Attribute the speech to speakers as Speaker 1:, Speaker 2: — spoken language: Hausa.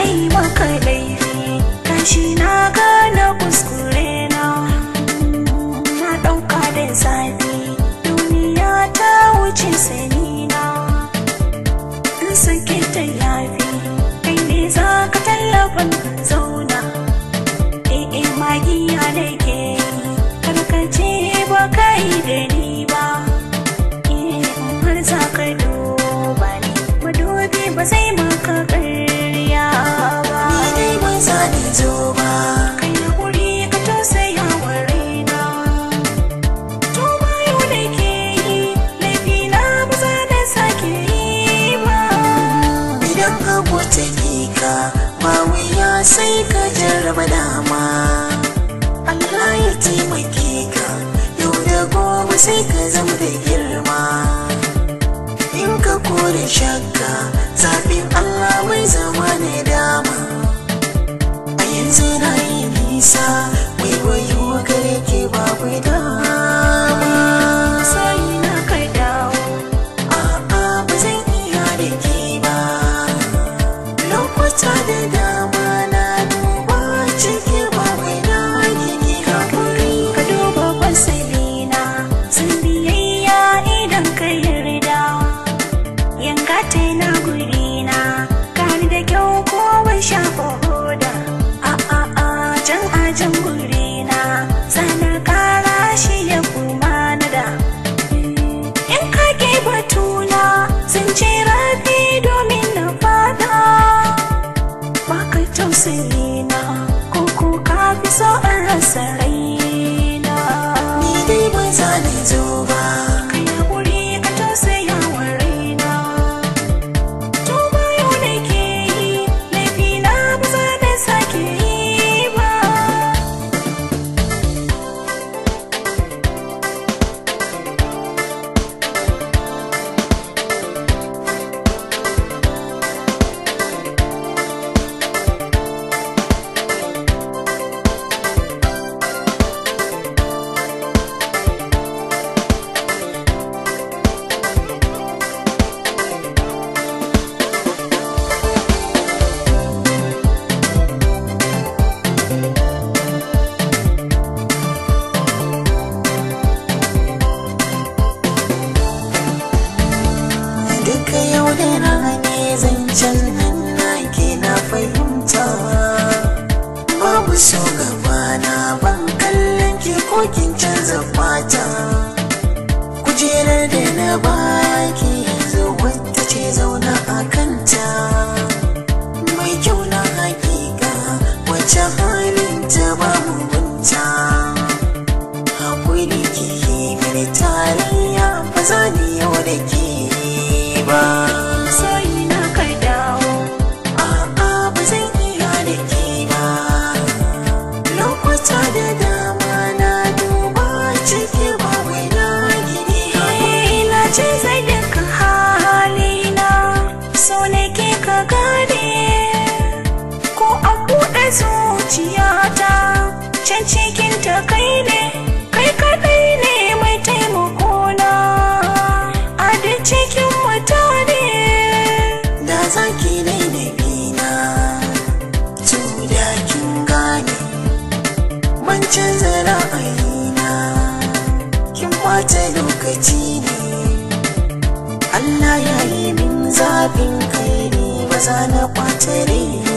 Speaker 1: nai maka laifi kashi na gane kuskure na na ɗauka da zafi duniya ta wuce sani na in sake ta yafi kai ne za ka tallafin zauna eh e, magiya ne kore shakka zaɓin Allah mai zama ne dama a yanzu na yi nisa waiwayo kare ke babu dama sirina ko kuka fi so in rasa da rane zancen na ke fahimta babu so gabana ban kallon ki ko kin canza fata kujerar da na baki yanzu wata ce zauna a kanta mai kyau na hakika wacce halin ta babu bunta. hakuri ki yi mini ba za ni yau da ke ba ban canza ra'ayina kin ɓata lokaci ne Allah ya yi min zafin kai ne ba za na ɓata raina